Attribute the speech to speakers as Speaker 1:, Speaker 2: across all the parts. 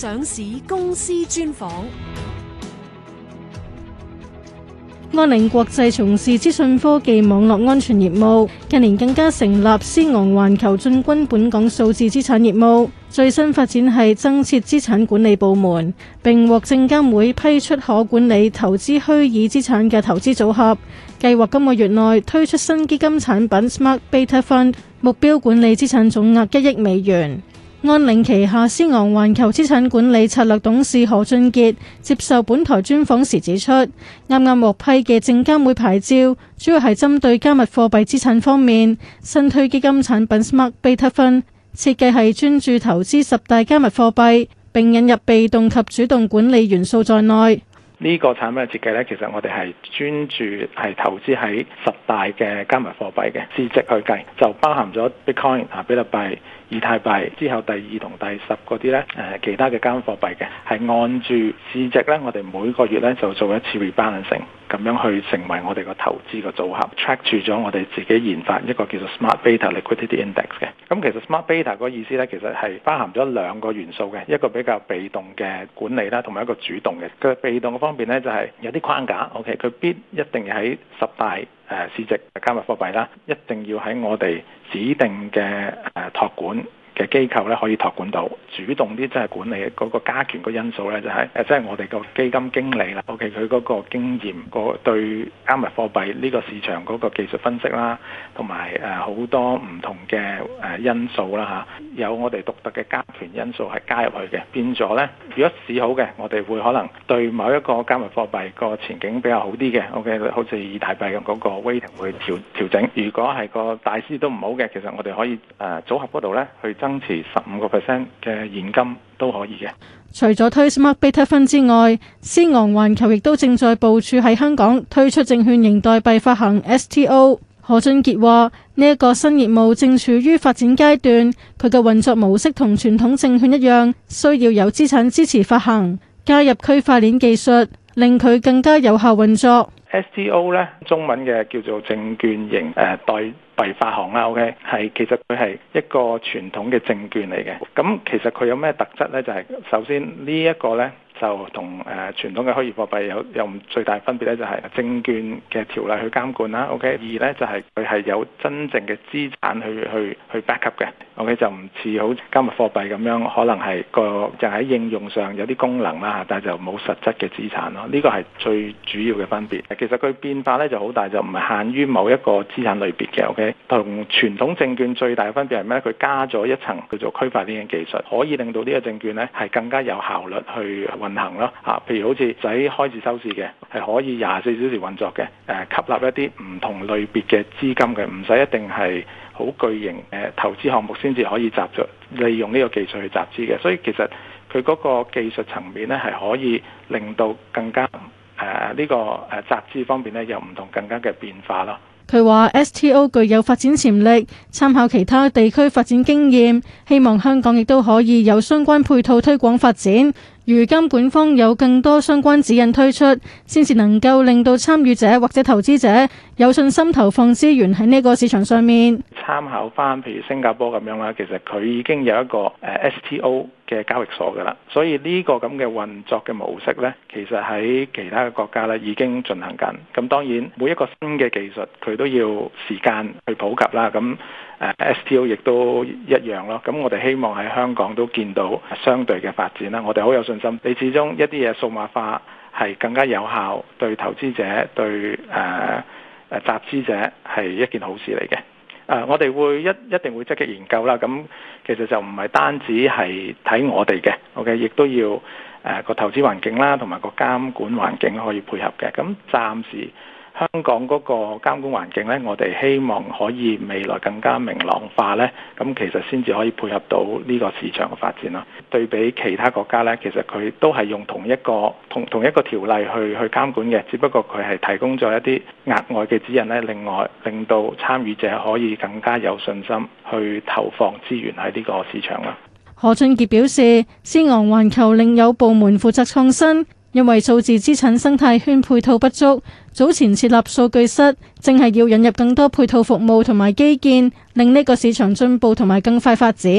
Speaker 1: 上市公司專訪，安領國際從事資訊科技網絡安全業務，近年更加成立獅昂環球進軍本港數字資產業務。最新發展係增設資產管理部門，並獲證監會批出可管理投資虛擬資產嘅投資組合，計劃今個月內推出新基金產品 Smart Beta Fund，目標管理資產總額一億美元。安領旗下獅昂環球資產管理策略董事何俊傑接受本台專訪時指出，啱啱獲批嘅證監會牌照，主要係針對加密貨幣資產方面新推基金產品 Smart Beta Fund，設計係專注投資十大加密貨幣，並引入被動及主動管理元素在內。
Speaker 2: 呢個產品嘅設計呢，其實我哋係專注係投資喺十大嘅加密貨幣嘅市值去計，就包含咗 Bitcoin 啊比特幣。以太幣之後第二同第十嗰啲咧，誒、呃、其他嘅加密貨幣嘅，係按住市值咧，我哋每個月咧就做一次 rebalancing，咁樣去成為我哋個投資個組合，track 住咗我哋自己研發一個叫做 Smart Beta Liquidity Index 嘅。咁其實 Smart Beta 個意思咧，其實係包含咗兩個元素嘅，一個比較被動嘅管理啦，同埋一個主動嘅。佢被動嘅方面咧，就係、是、有啲框架，OK，佢必一定要喺十大誒、呃、市值加密貨幣啦，一定要喺我哋。指定嘅、啊、託管嘅機構咧可以託管到，主動啲即係管理嗰、那個加權個因素咧就係、是、誒，即、就、係、是、我哋個基金經理啦。O.K. 佢嗰個經驗，那個對加密貨幣呢個市場嗰個技術分析啦，同埋誒好多唔同嘅誒因素啦嚇、啊，有我哋獨特嘅加權因素係加入去嘅。變咗咧，如果市好嘅，我哋會可能對某一個加密貨幣個前景比較好啲嘅。O.K. 好似以太幣咁嗰個 weighting 會調調整。如果係個大市都唔好嘅，其實我哋可以誒、呃、組合嗰度咧去增。增持十五個 percent 嘅現金都可以嘅。
Speaker 1: 除咗推 smart beta 分之外，獅昂環球亦都正在部署喺香港推出證券型代幣發行 STO。何俊傑話：呢一個新業務正處於發展階段，佢嘅運作模式同傳統證券一樣，需要有資產支持發行，加入區塊鏈技術，令佢更加有效運作。
Speaker 2: STO 呢，中文嘅叫做證券型誒代。係發行啦，OK，係其實佢係一個傳統嘅證券嚟嘅，咁其實佢有咩特質呢？就係、是、首先呢一、這個呢，就同誒、呃、傳統嘅虛擬貨幣有有唔最大分別咧，就係證券嘅條例去監管啦，OK，二呢就係佢係有真正嘅資產去去去 back up 嘅。我哋、okay，就唔似好像加密貨幣咁樣，可能係個就喺應用上有啲功能啦，但係就冇實質嘅資產咯。呢、這個係最主要嘅分別。其實佢變化咧就好大，就唔係限於某一個資產類別嘅。OK，同傳統證券最大嘅分別係咩？佢加咗一層叫做區塊鏈嘅技術，可以令到呢個證券咧係更加有效率去運行咯。嚇、啊，譬如好似唔使開始收市嘅，係可以廿四小時運作嘅。誒、啊，吸納一啲唔同類別嘅資金嘅，唔使一定係。好巨型誒投資項目先至可以集著利用呢個技術去集資嘅，所以其實，佢嗰個技術層面咧係可以令到更加誒呢個誒集資方面咧有唔同更加嘅變化咯。
Speaker 1: 佢話 STO 具有發展潛力，參考其他地區發展經驗，希望香港亦都可以有相關配套推廣發展。如今本方有更多相關指引推出，先至能夠令到參與者或者投資者有信心投放資源喺呢個市場上面。
Speaker 2: 參考翻譬如新加坡咁樣啦，其實佢已經有一個 STO 嘅交易所噶啦，所以呢個咁嘅運作嘅模式呢，其實喺其他嘅國家呢已經進行緊。咁當然每一個新嘅技術，佢都要時間去普及啦。咁啊、STO 亦都一樣咯，咁我哋希望喺香港都見到相對嘅發展啦。我哋好有信心，你始終一啲嘢數碼化係更加有效對投資者對誒誒、呃、集資者係一件好事嚟嘅。誒、呃，我哋會一一定會積極研究啦。咁其實就唔係單止係睇我哋嘅，OK，亦都要誒個、呃、投資環境啦，同埋個監管環境可以配合嘅。咁暫時。香港嗰個監管環境咧，我哋希望可以未來更加明朗化咧，咁其實先至可以配合到呢個市場嘅發展啦。對比其他國家咧，其實，佢都係用同一個同同一個條例去去監管嘅，只不過，佢係提供咗一啲額外嘅指引咧，另外令到參與者可以更加有信心去投放資源喺呢個市場啦。
Speaker 1: 何俊傑表示，獅昂環球另有部門負責創新。因為數字資產生態圈配套不足，早前設立數據室，正係要引入更多配套服務同埋基建，令呢個市場進步同埋更快發展。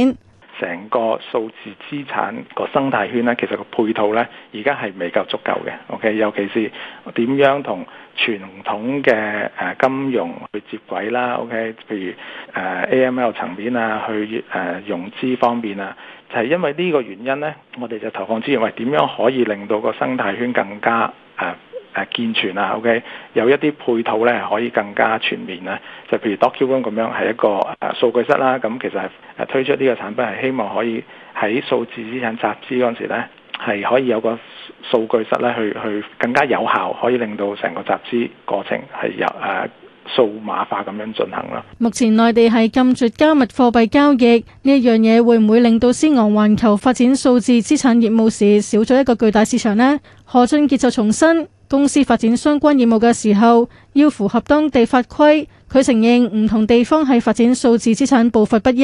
Speaker 2: 成個數字資產個生態圈咧，其實個配套咧，而家係未夠足夠嘅。O K，尤其是點樣同傳統嘅誒金融去接軌啦。O K，譬如誒 A M L 層面啊，去誒融資方面啊。就係因為呢個原因呢，我哋就投放資源為點樣可以令到個生態圈更加誒誒、啊啊、健全啊。OK，有一啲配套呢，可以更加全面呢、啊。就譬如 Document 咁樣係一個、啊、數據室啦。咁、嗯、其實係、啊、推出呢個產品係希望可以喺數字資產集資嗰陣時呢，係可以有個數據室呢，去去更加有效，可以令到成個集資過程係有誒。啊數碼化咁樣進行啦。
Speaker 1: 目前內地係禁絕加密貨幣交易呢一樣嘢，會唔會令到獅昂環球發展數字資產業務時少咗一個巨大市場呢？何俊傑就重申，公司發展相關業務嘅時候要符合當地法規。佢承認唔同地方係發展數字資產步伐不一，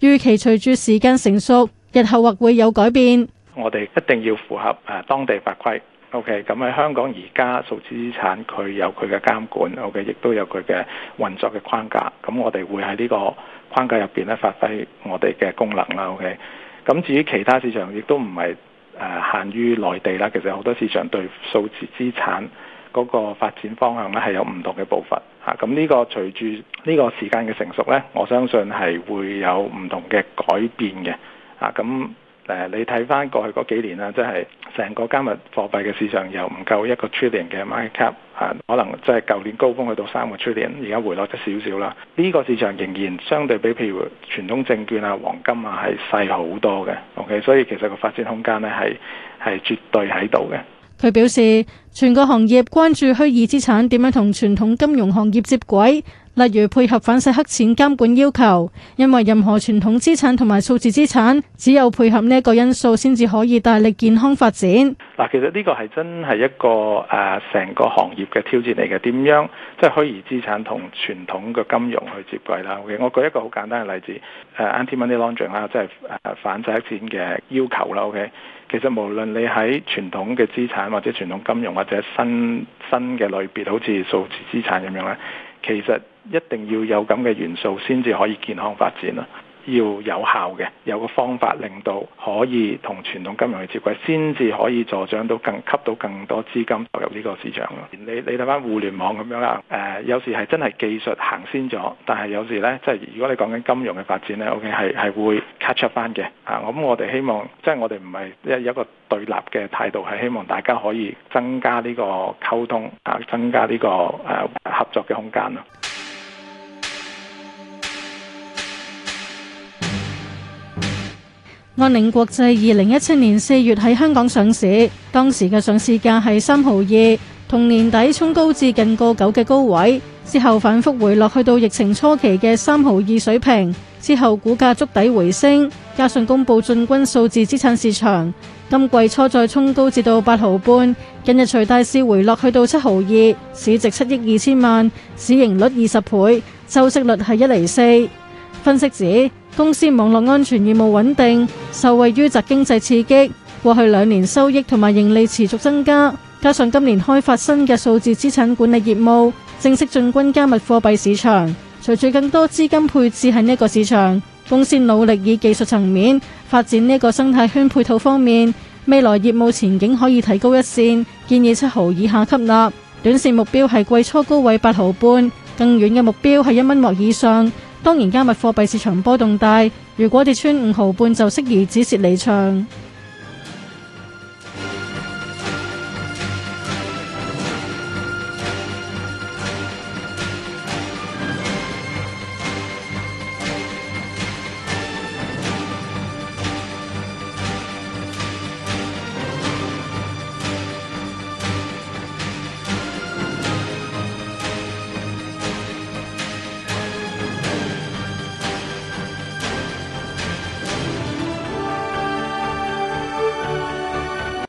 Speaker 1: 預期隨住時間成熟，日後或會有改
Speaker 2: 變。我哋一定要符合誒當地法規。OK，咁喺香港而家數字資產佢有佢嘅監管，OK，亦都有佢嘅運作嘅框架。咁我哋會喺呢個框架入邊咧發揮我哋嘅功能啦。OK，咁至於其他市場，亦都唔係誒限於內地啦。其實好多市場對數字資產嗰個發展方向咧係有唔同嘅步伐嚇。啊，咁呢個隨住呢個時間嘅成熟咧，我相信係會有唔同嘅改變嘅。啊，咁。誒，你睇翻過去嗰幾年啦，即係成個加密貨幣嘅市場又唔夠一個 trillion 嘅 market cap 啊，可能即係舊年高峰去到三個 trillion，而家回落咗少少啦。呢個市場仍然相對比，譬如傳統證券啊、黃金啊，係細好多嘅。OK，所以其實個發展空間呢係係絕對喺度嘅。
Speaker 1: 佢表示，全個行業關注虛擬資產點樣同傳統金融行業接軌。例如配合反洗黑錢監管要求，因為任何傳統資產同埋數字資產，只有配合呢一個因素，先至可以大力健康發展。
Speaker 2: 嗱，其實呢個係真係一個誒成、呃、個行業嘅挑戰嚟嘅。點樣即係虛擬資產同傳統嘅金融去接軌啦？OK，我舉一個好簡單嘅例子，誒 anti money laundering 啦，即係誒反洗黑錢嘅要求啦。OK，其實無論你喺傳統嘅資產或者傳統金融或者新新嘅類別，好似數字資產咁樣咧。其實一定要有咁嘅元素，先至可以健康發展啦。要有效嘅，有個方法令到可以同傳統金融去接軌，先至可以助長到更吸到更多資金投入呢個市場咯。你你睇翻互聯網咁樣啦，誒、呃、有時係真係技術行先咗，但係有時呢，即係如果你講緊金融嘅發展呢，okay，我哋係係會 catch up 翻嘅。啊，咁我哋希望即係我哋唔係一一個對立嘅態度，係希望大家可以增加呢個溝通啊，增加呢、這個誒、啊、合作嘅空間咯。
Speaker 1: 安領國際二零一七年四月喺香港上市，當時嘅上市價係三毫二，同年底沖高至近個九嘅高位，之後反覆回落去到疫情初期嘅三毫二水平，之後股價築底回升，加上公布進軍數字資產市場，今季初再沖高至到八毫半，近日隨大市回落去到七毫二，市值七億二千萬，市盈率二十倍，週息率係一厘四。分析指，公司網絡安全業務穩定，受惠於集經濟刺激，過去兩年收益同埋盈利持續增加，加上今年開發新嘅數字資產管理業務，正式進軍加密貨幣市場，隨住更多資金配置喺呢個市場，公司努力以技術層面發展呢個生態圈配套方面，未來業務前景可以提高一線，建議七毫以下吸納，短線目標係季初高位八毫半，更遠嘅目標係一蚊或以上。當然，加密貨幣市場波動大，如果跌穿五毫半就適宜止蝕離場。